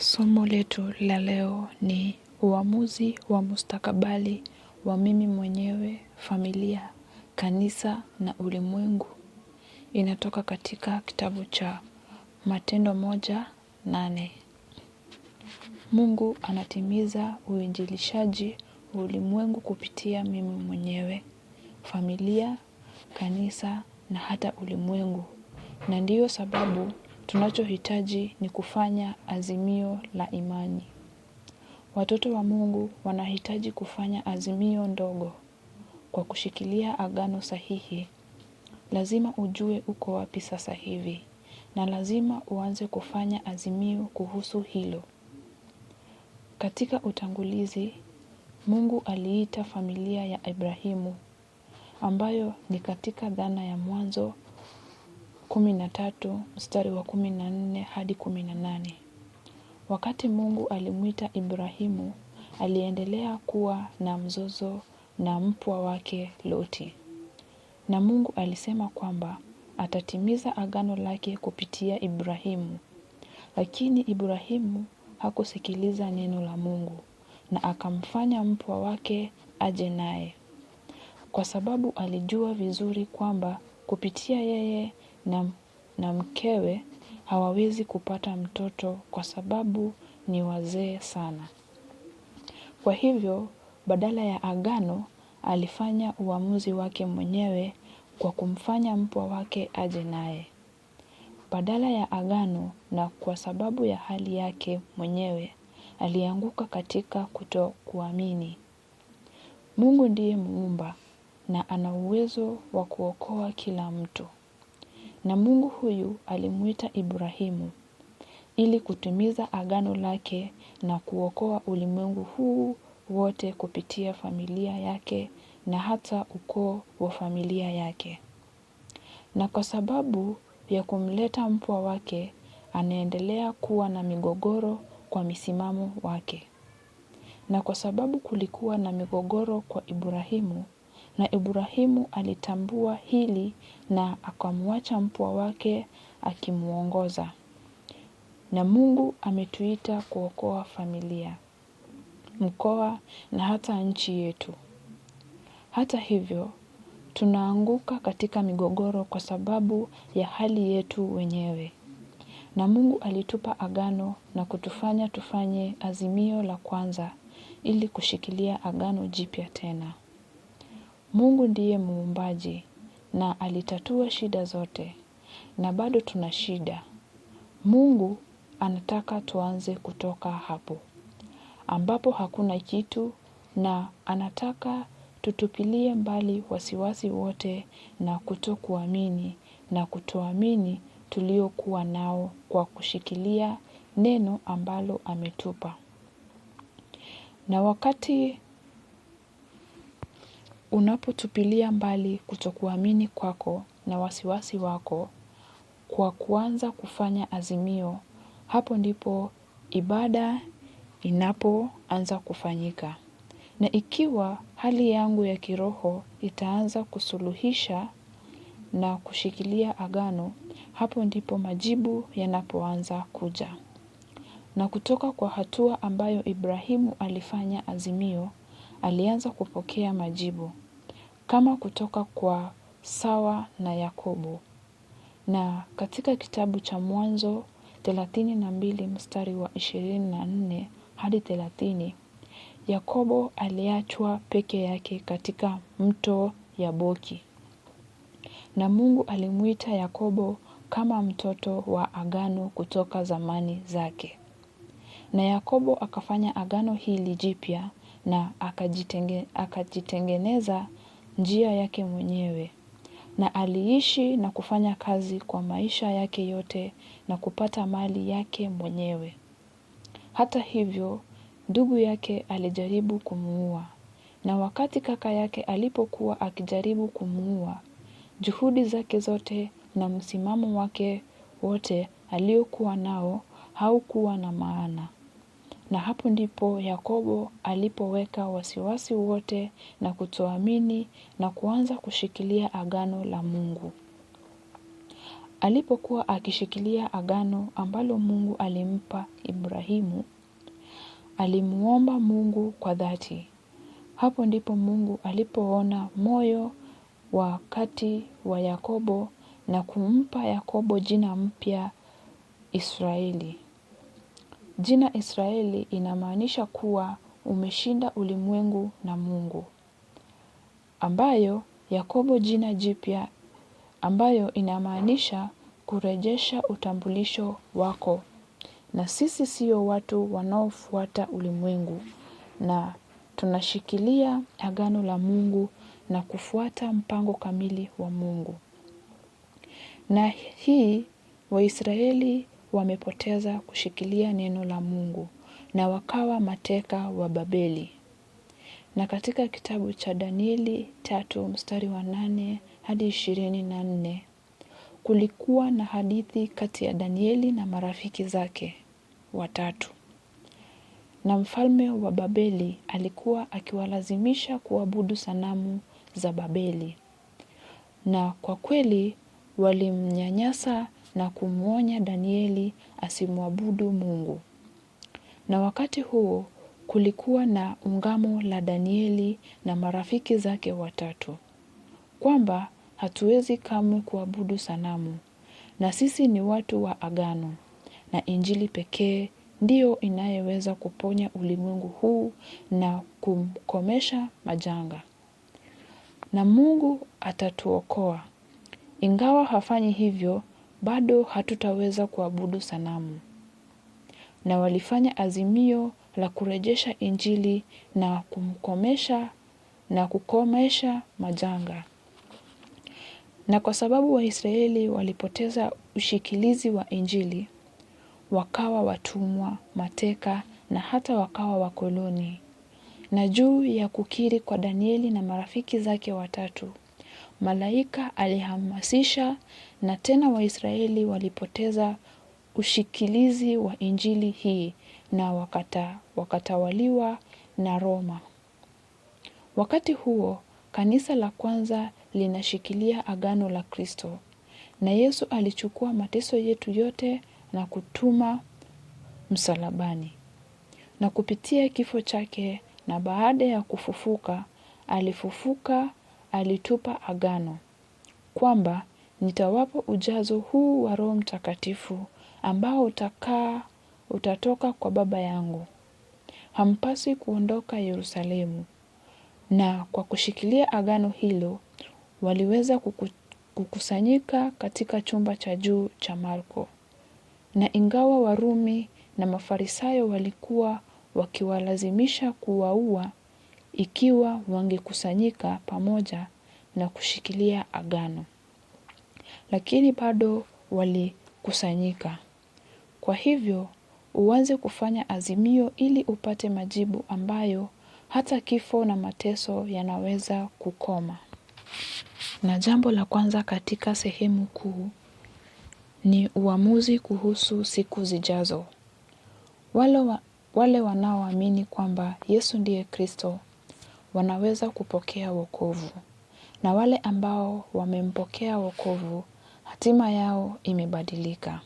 Somo letu la leo ni uamuzi wa mustakabali wa mimi mwenyewe, familia, kanisa na ulimwengu. Inatoka katika kitabu cha Matendo moja nane. Mungu anatimiza uinjilishaji wa ulimwengu kupitia mimi mwenyewe, familia, kanisa na hata ulimwengu. Na ndiyo sababu Tunachohitaji ni kufanya azimio la imani. Watoto wa Mungu wanahitaji kufanya azimio ndogo kwa kushikilia agano sahihi. Lazima ujue uko wapi sasa hivi na lazima uanze kufanya azimio kuhusu hilo. Katika utangulizi, Mungu aliita familia ya Ibrahimu ambayo ni katika dhana ya mwanzo kumi na tatu mstari wa kumi na nne hadi kumi na nane. Wakati Mungu alimwita Ibrahimu, aliendelea kuwa na mzozo na mpwa wake Loti. Na Mungu alisema kwamba atatimiza agano lake kupitia Ibrahimu. Lakini Ibrahimu hakusikiliza neno la Mungu na akamfanya mpwa wake aje naye. Kwa sababu alijua vizuri kwamba kupitia yeye na mkewe hawawezi kupata mtoto kwa sababu ni wazee sana. Kwa hivyo, badala ya agano, alifanya uamuzi wake mwenyewe kwa kumfanya mpwa wake aje naye. Badala ya agano na kwa sababu ya hali yake mwenyewe, alianguka katika kutokuamini. Mungu ndiye muumba na ana uwezo wa kuokoa kila mtu na Mungu huyu alimwita Ibrahimu ili kutimiza agano lake na kuokoa ulimwengu huu wote kupitia familia yake na hata ukoo wa familia yake. Na kwa sababu ya kumleta mpwa wake, anaendelea kuwa na migogoro kwa misimamo wake. Na kwa sababu kulikuwa na migogoro kwa Ibrahimu, na Ibrahimu alitambua hili na akamwacha mpwa wake akimwongoza. Na Mungu ametuita kuokoa familia, mkoa na hata nchi yetu. Hata hivyo, tunaanguka katika migogoro kwa sababu ya hali yetu wenyewe. Na Mungu alitupa agano na kutufanya tufanye azimio la kwanza ili kushikilia agano jipya tena. Mungu ndiye muumbaji na alitatua shida zote na bado tuna shida. Mungu anataka tuanze kutoka hapo ambapo hakuna kitu na anataka tutupilie mbali wasiwasi wote na kutokuamini na kutoamini tuliokuwa nao kwa kushikilia neno ambalo ametupa. Na wakati Unapotupilia mbali kutokuamini kwako na wasiwasi wako kwa kuanza kufanya azimio, hapo ndipo ibada inapoanza kufanyika. Na ikiwa hali yangu ya kiroho itaanza kusuluhisha na kushikilia agano, hapo ndipo majibu yanapoanza kuja. Na kutoka kwa hatua ambayo Ibrahimu alifanya azimio, alianza kupokea majibu kama kutoka kwa Sawa na Yakobo. Na katika kitabu cha Mwanzo 32 mstari wa 24 hadi 30, Yakobo aliachwa peke yake katika mto ya boki Na Mungu alimuita Yakobo kama mtoto wa agano kutoka zamani zake. Na Yakobo akafanya agano hili jipya na akajitengeneza njia yake mwenyewe na aliishi na kufanya kazi kwa maisha yake yote na kupata mali yake mwenyewe. Hata hivyo, ndugu yake alijaribu kumuua na wakati kaka yake alipokuwa akijaribu kumuua, juhudi zake zote na msimamo wake wote aliokuwa nao haukuwa na maana. Na hapo ndipo Yakobo alipoweka wasiwasi wote na kutoamini na kuanza kushikilia agano la Mungu. Alipokuwa akishikilia agano ambalo Mungu alimpa Ibrahimu, alimuomba Mungu kwa dhati. Hapo ndipo Mungu alipoona moyo wa kati wa Yakobo na kumpa Yakobo jina mpya Israeli. Jina Israeli inamaanisha kuwa umeshinda ulimwengu na Mungu, ambayo Yakobo jina jipya ambayo inamaanisha kurejesha utambulisho wako. Na sisi sio watu wanaofuata ulimwengu na tunashikilia agano la Mungu na kufuata mpango kamili wa Mungu. Na hii Waisraeli wamepoteza kushikilia neno la Mungu na wakawa mateka wa Babeli. Na katika kitabu cha Danieli tatu mstari wa nane hadi ishirini na nne kulikuwa na hadithi kati ya Danieli na marafiki zake watatu. Na mfalme wa Babeli alikuwa akiwalazimisha kuabudu sanamu za Babeli. Na kwa kweli walimnyanyasa na kumwonya Danieli asimwabudu Mungu. Na wakati huo kulikuwa na ungamo la Danieli na marafiki zake watatu, kwamba hatuwezi kamwe kuabudu sanamu, na sisi ni watu wa agano, na Injili pekee ndiyo inayeweza kuponya ulimwengu huu na kumkomesha majanga. Na Mungu atatuokoa. Ingawa hafanyi hivyo, bado hatutaweza kuabudu sanamu. Na walifanya azimio la kurejesha Injili na kumkomesha na kukomesha majanga. Na kwa sababu Waisraeli walipoteza ushikilizi wa Injili, wakawa watumwa, mateka na hata wakawa wakoloni. Na juu ya kukiri kwa Danieli na marafiki zake watatu, malaika alihamasisha na tena Waisraeli walipoteza ushikilizi wa Injili hii na wakata, wakatawaliwa na Roma. Wakati huo kanisa la kwanza linashikilia agano la Kristo na Yesu alichukua mateso yetu yote na kutuma msalabani. Na kupitia kifo chake na baada ya kufufuka, alifufuka, alitupa agano kwamba nitawapa ujazo huu wa Roho Mtakatifu ambao utakaa utatoka kwa Baba yangu. Hampasi kuondoka Yerusalemu. Na kwa kushikilia agano hilo, waliweza kukusanyika katika chumba cha juu cha Marko. Na ingawa Warumi na Mafarisayo walikuwa wakiwalazimisha kuwaua ikiwa wangekusanyika pamoja na kushikilia agano lakini bado walikusanyika. Kwa hivyo, uanze kufanya azimio ili upate majibu ambayo hata kifo na mateso yanaweza kukoma. Na jambo la kwanza katika sehemu kuu ni uamuzi kuhusu siku zijazo. Wale, wa, wale wanaoamini kwamba Yesu ndiye Kristo wanaweza kupokea wokovu na wale ambao wamempokea wokovu hatima yao imebadilika.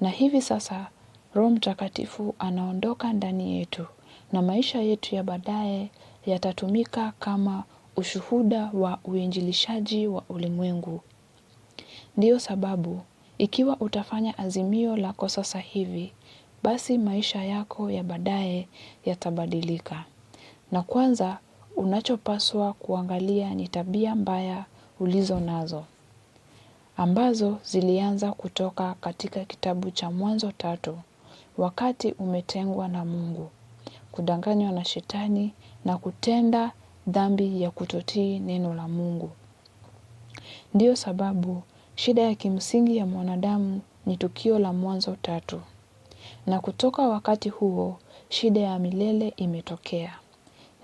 Na hivi sasa Roho Mtakatifu anaondoka ndani yetu na maisha yetu ya baadaye yatatumika kama ushuhuda wa uinjilishaji wa ulimwengu. Ndiyo sababu ikiwa utafanya azimio lako sasa hivi, basi maisha yako ya baadaye yatabadilika. Na kwanza unachopaswa kuangalia ni tabia mbaya ulizo nazo ambazo zilianza kutoka katika kitabu cha Mwanzo tatu, wakati umetengwa na Mungu, kudanganywa na Shetani na kutenda dhambi ya kutotii neno la Mungu. Ndiyo sababu shida ya kimsingi ya mwanadamu ni tukio la Mwanzo tatu, na kutoka wakati huo shida ya milele imetokea.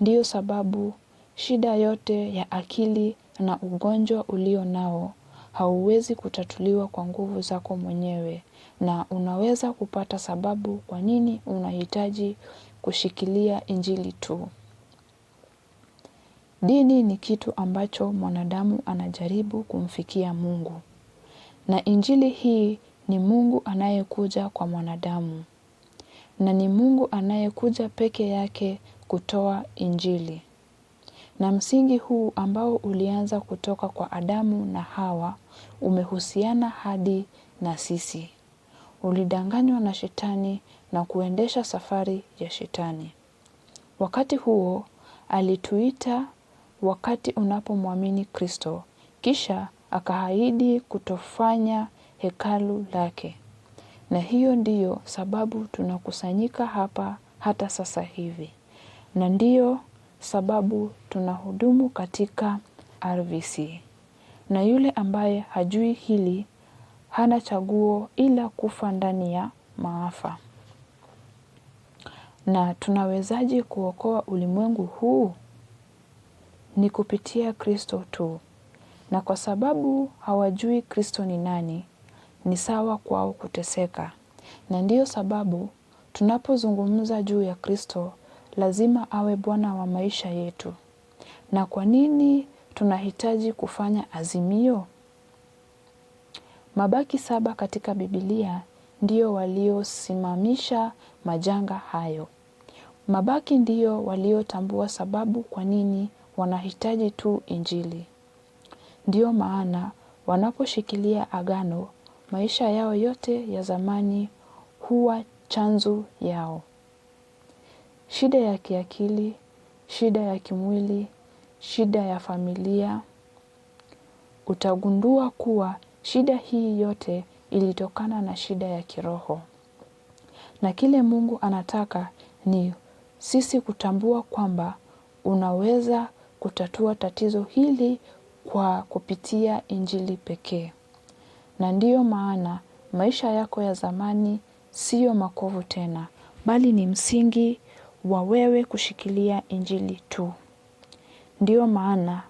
Ndiyo sababu shida yote ya akili na ugonjwa ulio nao hauwezi kutatuliwa kwa nguvu zako mwenyewe na unaweza kupata sababu kwa nini unahitaji kushikilia injili tu. Dini ni kitu ambacho mwanadamu anajaribu kumfikia Mungu. Na injili hii ni Mungu anayekuja kwa mwanadamu. Na ni Mungu anayekuja peke yake kutoa injili. Na msingi huu ambao ulianza kutoka kwa Adamu na Hawa umehusiana hadi na sisi. Ulidanganywa na Shetani na kuendesha safari ya Shetani. Wakati huo alituita wakati unapomwamini Kristo, kisha akaahidi kutofanya hekalu lake. Na hiyo ndiyo sababu tunakusanyika hapa hata sasa hivi. Na ndiyo sababu tunahudumu katika RVC. Na yule ambaye hajui hili hana chaguo ila kufa ndani ya maafa. Na tunawezaje kuokoa ulimwengu huu? Ni kupitia Kristo tu. Na kwa sababu hawajui Kristo ni nani, ni sawa kwao kuteseka. Na ndiyo sababu tunapozungumza juu ya Kristo lazima awe Bwana wa maisha yetu. Na kwa nini tunahitaji kufanya azimio? Mabaki saba katika Biblia ndio waliosimamisha majanga hayo. Mabaki ndio waliotambua sababu kwa nini wanahitaji tu Injili. Ndiyo maana wanaposhikilia agano, maisha yao yote ya zamani huwa chanzo yao. Shida ya kiakili, shida ya kimwili shida ya familia, utagundua kuwa shida hii yote ilitokana na shida ya kiroho. Na kile Mungu anataka ni sisi kutambua kwamba unaweza kutatua tatizo hili kwa kupitia Injili pekee. Na ndiyo maana maisha yako ya zamani siyo makovu tena, bali ni msingi wa wewe kushikilia Injili tu. Ndiyo maana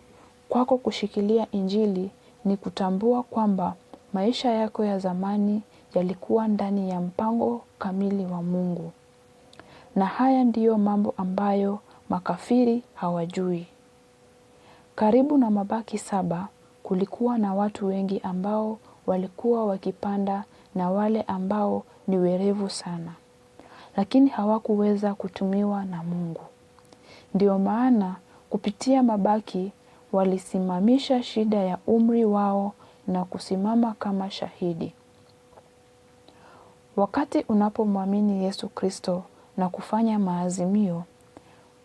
kwako kushikilia Injili ni kutambua kwamba maisha yako ya zamani yalikuwa ndani ya mpango kamili wa Mungu. Na haya ndiyo mambo ambayo makafiri hawajui. Karibu na mabaki saba, kulikuwa na watu wengi ambao walikuwa wakipanda na wale ambao ni werevu sana, lakini hawakuweza kutumiwa na Mungu. Ndiyo maana Kupitia mabaki walisimamisha shida ya umri wao na kusimama kama shahidi. Wakati unapomwamini Yesu Kristo na kufanya maazimio,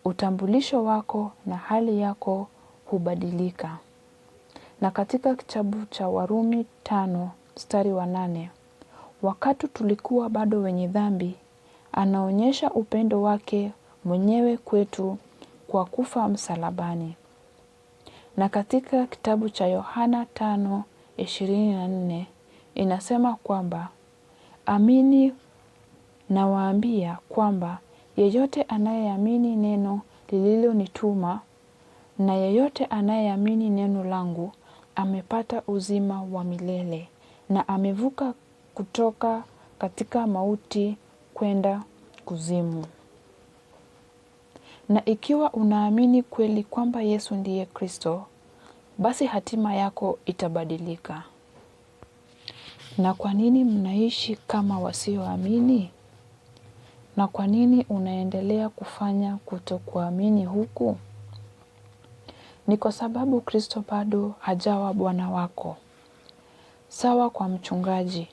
utambulisho wako na hali yako hubadilika. Na katika kitabu cha Warumi tano mstari wa nane, wakati tulikuwa bado wenye dhambi, anaonyesha upendo wake mwenyewe kwetu kwa kufa msalabani. Na katika kitabu cha Yohana 5:24 inasema kwamba amini nawaambia kwamba yeyote anayeamini neno lililonituma na yeyote anayeamini neno langu amepata uzima wa milele na amevuka kutoka katika mauti kwenda kuzimu. Na ikiwa unaamini kweli kwamba Yesu ndiye Kristo, basi hatima yako itabadilika. Na kwa nini mnaishi kama wasioamini? Na kwa nini unaendelea kufanya kutokuamini huku? Ni kwa sababu Kristo bado hajawa Bwana wako. Sawa kwa mchungaji,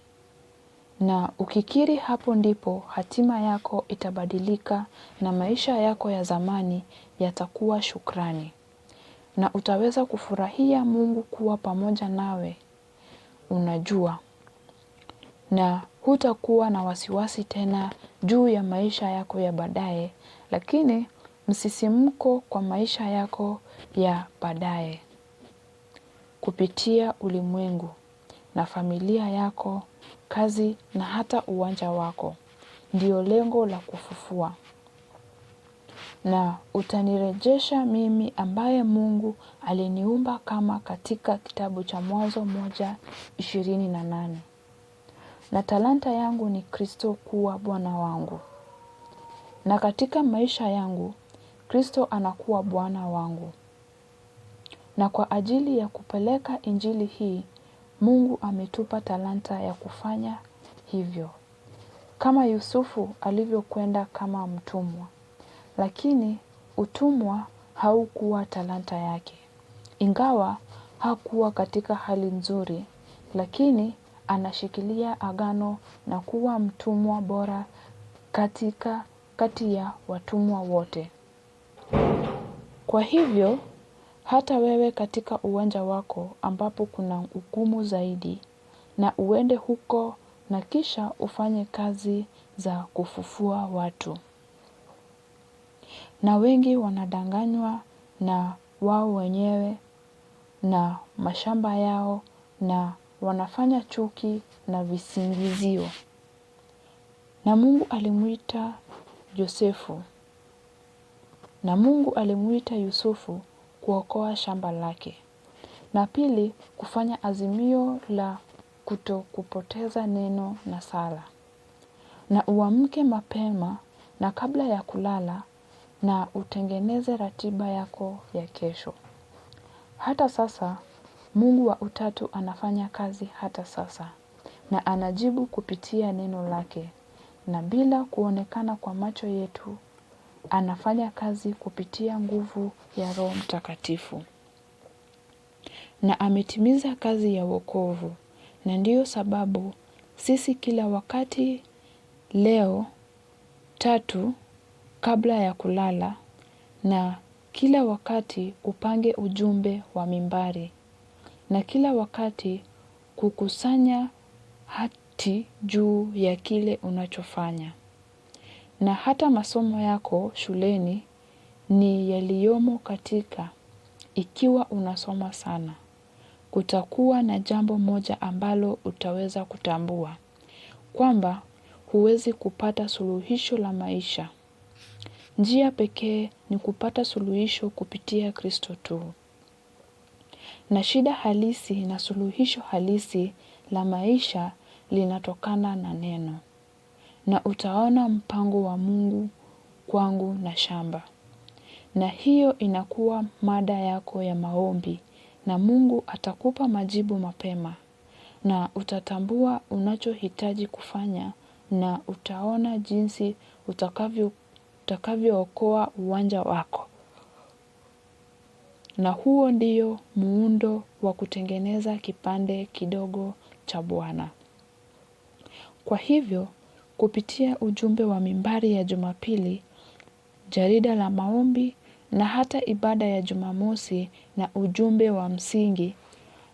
na ukikiri hapo ndipo hatima yako itabadilika na maisha yako ya zamani yatakuwa shukrani na utaweza kufurahia Mungu kuwa pamoja nawe. Unajua, na hutakuwa na wasiwasi tena juu ya maisha yako ya baadaye, lakini msisimko kwa maisha yako ya baadaye kupitia ulimwengu na familia yako kazi na hata uwanja wako. Ndiyo lengo la kufufua. Na utanirejesha mimi ambaye Mungu aliniumba kama katika kitabu cha Mwanzo moja ishirini na nane. Na talanta yangu ni Kristo kuwa Bwana wangu. Na katika maisha yangu, Kristo anakuwa Bwana wangu. Na kwa ajili ya kupeleka injili hii, Mungu ametupa talanta ya kufanya hivyo. Kama Yusufu alivyokwenda kama mtumwa, lakini utumwa haukuwa talanta yake. Ingawa hakuwa katika hali nzuri, lakini anashikilia agano na kuwa mtumwa bora katika kati ya watumwa wote. Kwa hivyo hata wewe katika uwanja wako ambapo kuna ugumu zaidi na uende huko na kisha ufanye kazi za kufufua watu. Na wengi wanadanganywa na wao wenyewe na mashamba yao na wanafanya chuki na visingizio. Na Mungu alimuita Yosefu. Na Mungu alimuita Yusufu kuokoa shamba lake. Na pili, kufanya azimio la kutokupoteza neno na sala. Na uamke mapema na kabla ya kulala na utengeneze ratiba yako ya kesho. Hata sasa, Mungu wa utatu anafanya kazi hata sasa na anajibu kupitia neno lake na bila kuonekana kwa macho yetu anafanya kazi kupitia nguvu ya Roho Mtakatifu na ametimiza kazi ya wokovu, na ndiyo sababu sisi kila wakati leo tatu kabla ya kulala na kila wakati upange ujumbe wa mimbari na kila wakati kukusanya hati juu ya kile unachofanya na hata masomo yako shuleni ni yaliyomo katika ikiwa unasoma sana. Kutakuwa na jambo moja ambalo utaweza kutambua. Kwamba huwezi kupata suluhisho la maisha. Njia pekee ni kupata suluhisho kupitia kristo tu. Na shida halisi na suluhisho halisi la maisha linatokana na neno na utaona mpango wa Mungu kwangu na shamba. Na hiyo inakuwa mada yako ya maombi na Mungu atakupa majibu mapema na utatambua unachohitaji kufanya na utaona jinsi utakavyookoa uwanja wako. Na huo ndio muundo wa kutengeneza kipande kidogo cha Bwana. Kwa hivyo, kupitia ujumbe wa mimbari ya Jumapili, jarida la maombi na hata ibada ya Jumamosi na ujumbe wa msingi.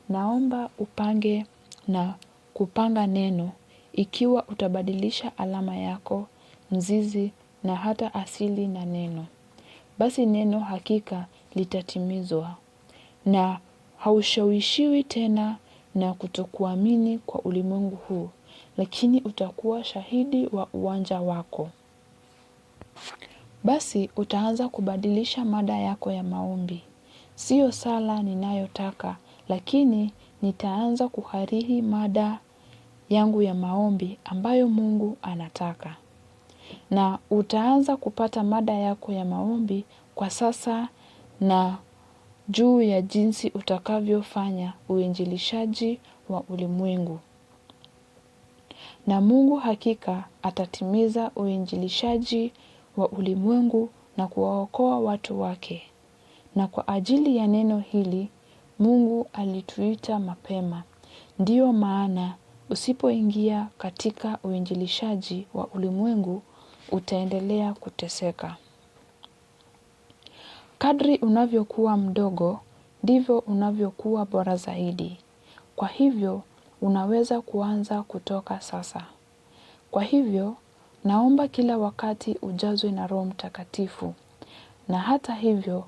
Naomba upange na kupanga neno ikiwa utabadilisha alama yako, mzizi na hata asili na neno. Basi neno hakika litatimizwa na haushawishiwi tena na kutokuamini kwa ulimwengu huu lakini utakuwa shahidi wa uwanja wako. Basi utaanza kubadilisha mada yako ya maombi. Siyo sala ninayotaka, lakini nitaanza kuhariri mada yangu ya maombi ambayo Mungu anataka. Na utaanza kupata mada yako ya maombi kwa sasa na juu ya jinsi utakavyofanya uinjilishaji wa ulimwengu na Mungu hakika atatimiza uinjilishaji wa ulimwengu na kuwaokoa watu wake. Na kwa ajili ya neno hili Mungu alituita mapema. Ndiyo maana usipoingia katika uinjilishaji wa ulimwengu utaendelea kuteseka. Kadri unavyokuwa mdogo ndivyo unavyokuwa bora zaidi. Kwa hivyo unaweza kuanza kutoka sasa. Kwa hivyo, naomba kila wakati ujazwe na Roho Mtakatifu. Na hata hivyo,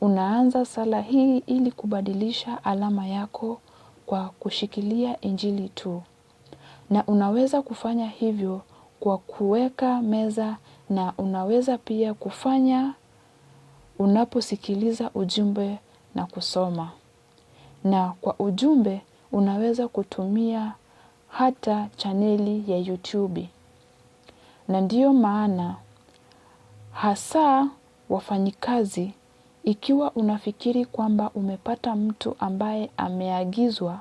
unaanza sala hii ili kubadilisha alama yako kwa kushikilia Injili tu. Na unaweza kufanya hivyo kwa kuweka meza na unaweza pia kufanya unaposikiliza ujumbe na kusoma. Na kwa ujumbe unaweza kutumia hata chaneli ya YouTube. Na ndiyo maana hasa wafanyikazi, ikiwa unafikiri kwamba umepata mtu ambaye ameagizwa,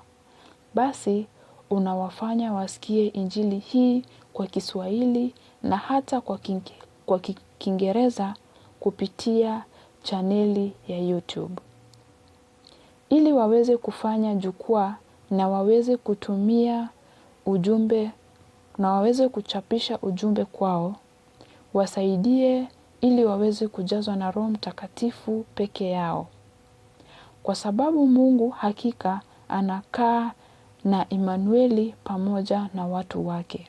basi unawafanya wasikie injili hii kwa Kiswahili na hata kwa kinge, kwa Kiingereza kupitia chaneli ya YouTube ili waweze kufanya jukwaa na waweze kutumia ujumbe na waweze kuchapisha ujumbe kwao, wasaidie ili waweze kujazwa na Roho Mtakatifu peke yao, kwa sababu Mungu hakika anakaa na Imanueli pamoja na watu wake.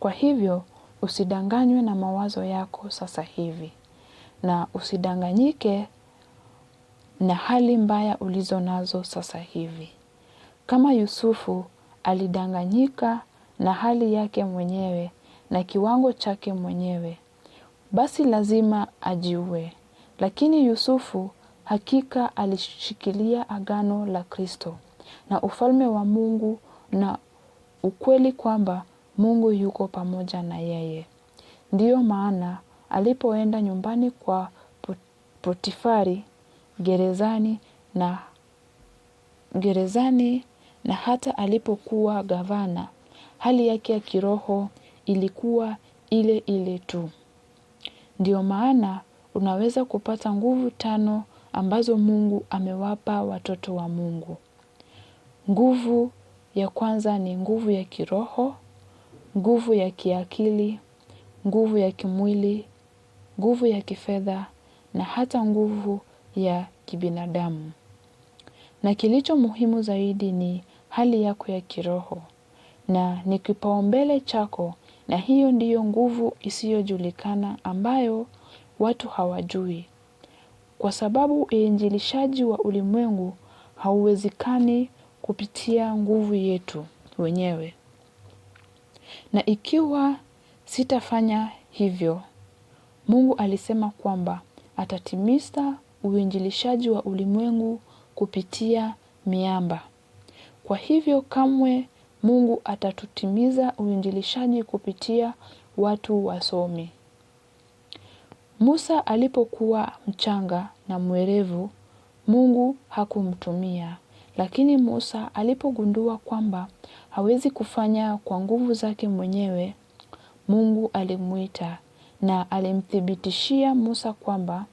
Kwa hivyo usidanganywe na mawazo yako sasa hivi na usidanganyike na hali mbaya ulizo nazo sasa hivi. Kama Yusufu alidanganyika na hali yake mwenyewe na kiwango chake mwenyewe, basi lazima ajiue. Lakini Yusufu hakika alishikilia agano la Kristo na ufalme wa Mungu na ukweli kwamba Mungu yuko pamoja na yeye. Ndiyo maana alipoenda nyumbani kwa Potifari gerezani na gerezani na hata alipokuwa gavana hali yake ya kiroho ilikuwa ile ile tu. Ndiyo maana unaweza kupata nguvu tano ambazo Mungu amewapa watoto wa Mungu. Nguvu ya kwanza ni nguvu ya kiroho, nguvu ya kiakili, nguvu ya kimwili, nguvu ya kifedha na hata nguvu ya kibinadamu. Na kilicho muhimu zaidi ni hali yako ya kiroho na ni kipaumbele chako na hiyo ndiyo nguvu isiyojulikana ambayo watu hawajui. Kwa sababu uinjilishaji wa ulimwengu hauwezekani kupitia nguvu yetu wenyewe. Na ikiwa sitafanya hivyo, Mungu alisema kwamba atatimiza uinjilishaji wa ulimwengu kupitia miamba. Kwa hivyo kamwe Mungu atatutimiza uinjilishaji kupitia watu wasomi. Musa alipokuwa mchanga na mwerevu, Mungu hakumtumia. Lakini Musa alipogundua kwamba hawezi kufanya kwa nguvu zake mwenyewe, Mungu alimuita na alimthibitishia Musa kwamba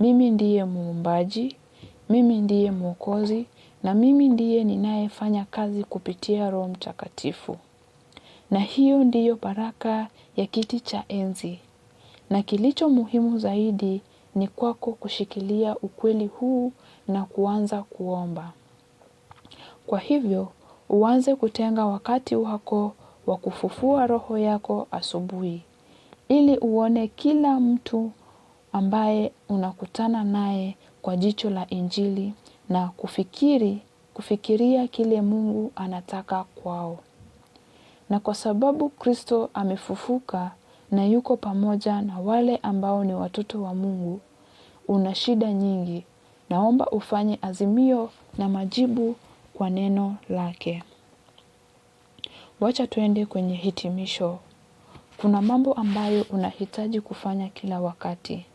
mimi ndiye muumbaji, mimi ndiye mwokozi na mimi ndiye ninayefanya kazi kupitia Roho Mtakatifu. Na hiyo ndiyo baraka ya kiti cha enzi. Na kilicho muhimu zaidi ni kwako kushikilia ukweli huu na kuanza kuomba. Kwa hivyo, uanze kutenga wakati wako wa kufufua roho yako asubuhi, ili uone kila mtu ambaye unakutana naye kwa jicho la Injili na kufikiri, kufikiria kile Mungu anataka kwao. Na kwa sababu Kristo amefufuka na yuko pamoja na wale ambao ni watoto wa Mungu, una shida nyingi. Naomba ufanye azimio na majibu kwa neno lake. Wacha tuende kwenye hitimisho. Kuna mambo ambayo unahitaji kufanya kila wakati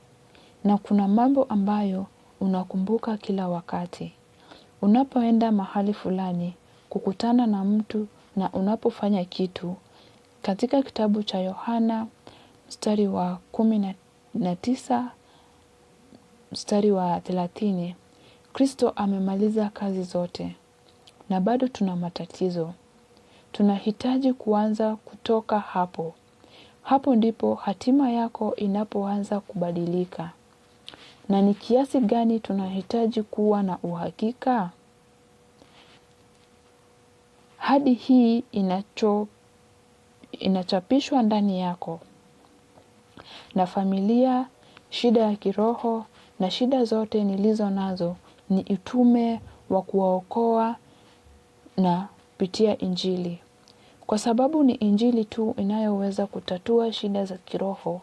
na kuna mambo ambayo unakumbuka kila wakati. Unapoenda mahali fulani, kukutana na mtu na unapofanya kitu. Katika kitabu cha Yohana, mstari wa kumi na tisa, mstari wa thelathini, Kristo amemaliza kazi zote. Na bado tuna matatizo. Tunahitaji kuanza kutoka hapo. Hapo ndipo hatima yako inapoanza kubadilika na ni kiasi gani tunahitaji kuwa na uhakika? Hadi hii inacho, inachapishwa ndani yako na familia. Shida ya kiroho na shida zote nilizo nazo ni utume wa kuwaokoa na kupitia Injili, kwa sababu ni Injili tu inayoweza kutatua shida za kiroho.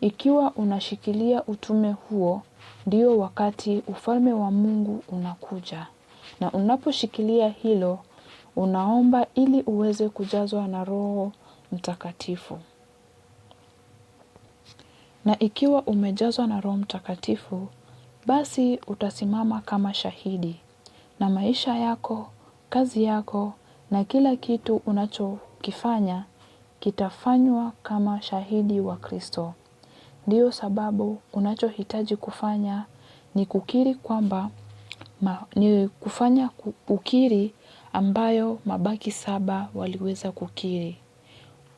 Ikiwa unashikilia utume huo, Ndiyo wakati ufalme wa Mungu unakuja. Na unaposhikilia hilo, unaomba ili uweze kujazwa na Roho Mtakatifu. Na ikiwa umejazwa na Roho Mtakatifu, basi utasimama kama shahidi, na maisha yako, kazi yako na kila kitu unachokifanya kitafanywa kama shahidi wa Kristo. Ndiyo sababu unachohitaji kufanya ni kukiri kwamba ma, ni kufanya ukiri ambayo mabaki saba waliweza kukiri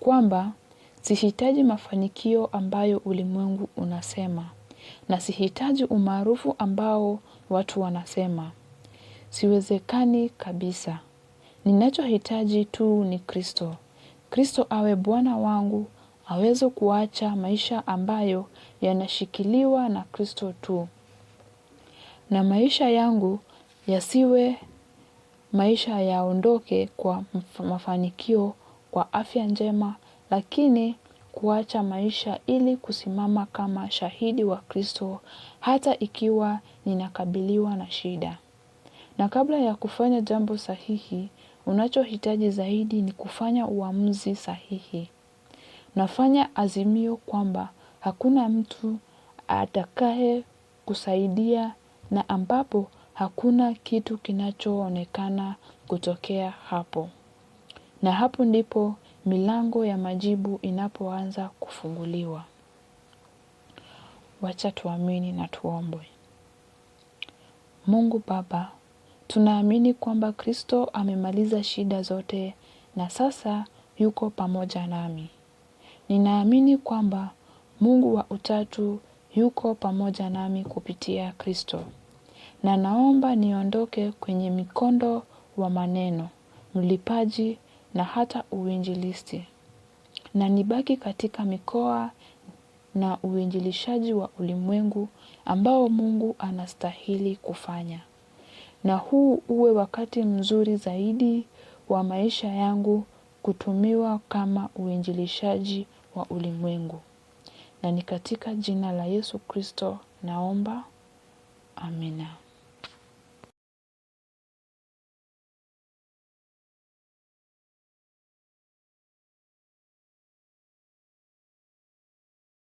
kwamba sihitaji mafanikio ambayo ulimwengu unasema na sihitaji umaarufu ambao watu wanasema. Siwezekani kabisa. Ninachohitaji tu ni Kristo. Kristo awe Bwana wangu hawezi kuacha maisha ambayo yanashikiliwa na Kristo tu. Na maisha yangu yasiwe maisha yaondoke kwa mafanikio, kwa afya njema, lakini kuacha maisha ili kusimama kama shahidi wa Kristo hata ikiwa ninakabiliwa na shida. Na kabla ya kufanya jambo sahihi, unachohitaji zaidi ni kufanya uamuzi sahihi. Nafanya azimio kwamba hakuna mtu atakaye kusaidia na ambapo hakuna kitu kinachoonekana kutokea hapo. Na hapo ndipo milango ya majibu inapoanza kufunguliwa. Wacha tuamini na tuombwe Mungu Baba, tunaamini kwamba Kristo amemaliza shida zote na sasa yuko pamoja nami. Ninaamini kwamba Mungu wa utatu yuko pamoja nami kupitia Kristo. Na naomba niondoke kwenye mkondo wa maneno, mlipaji na hata uinjilisti. Na nibaki katika mikoa na uinjilishaji wa ulimwengu ambao Mungu anastahili kufanya. Na huu uwe wakati mzuri zaidi wa maisha yangu kutumiwa kama uinjilishaji wa ulimwengu. Na ni katika jina la Yesu Kristo naomba, amina.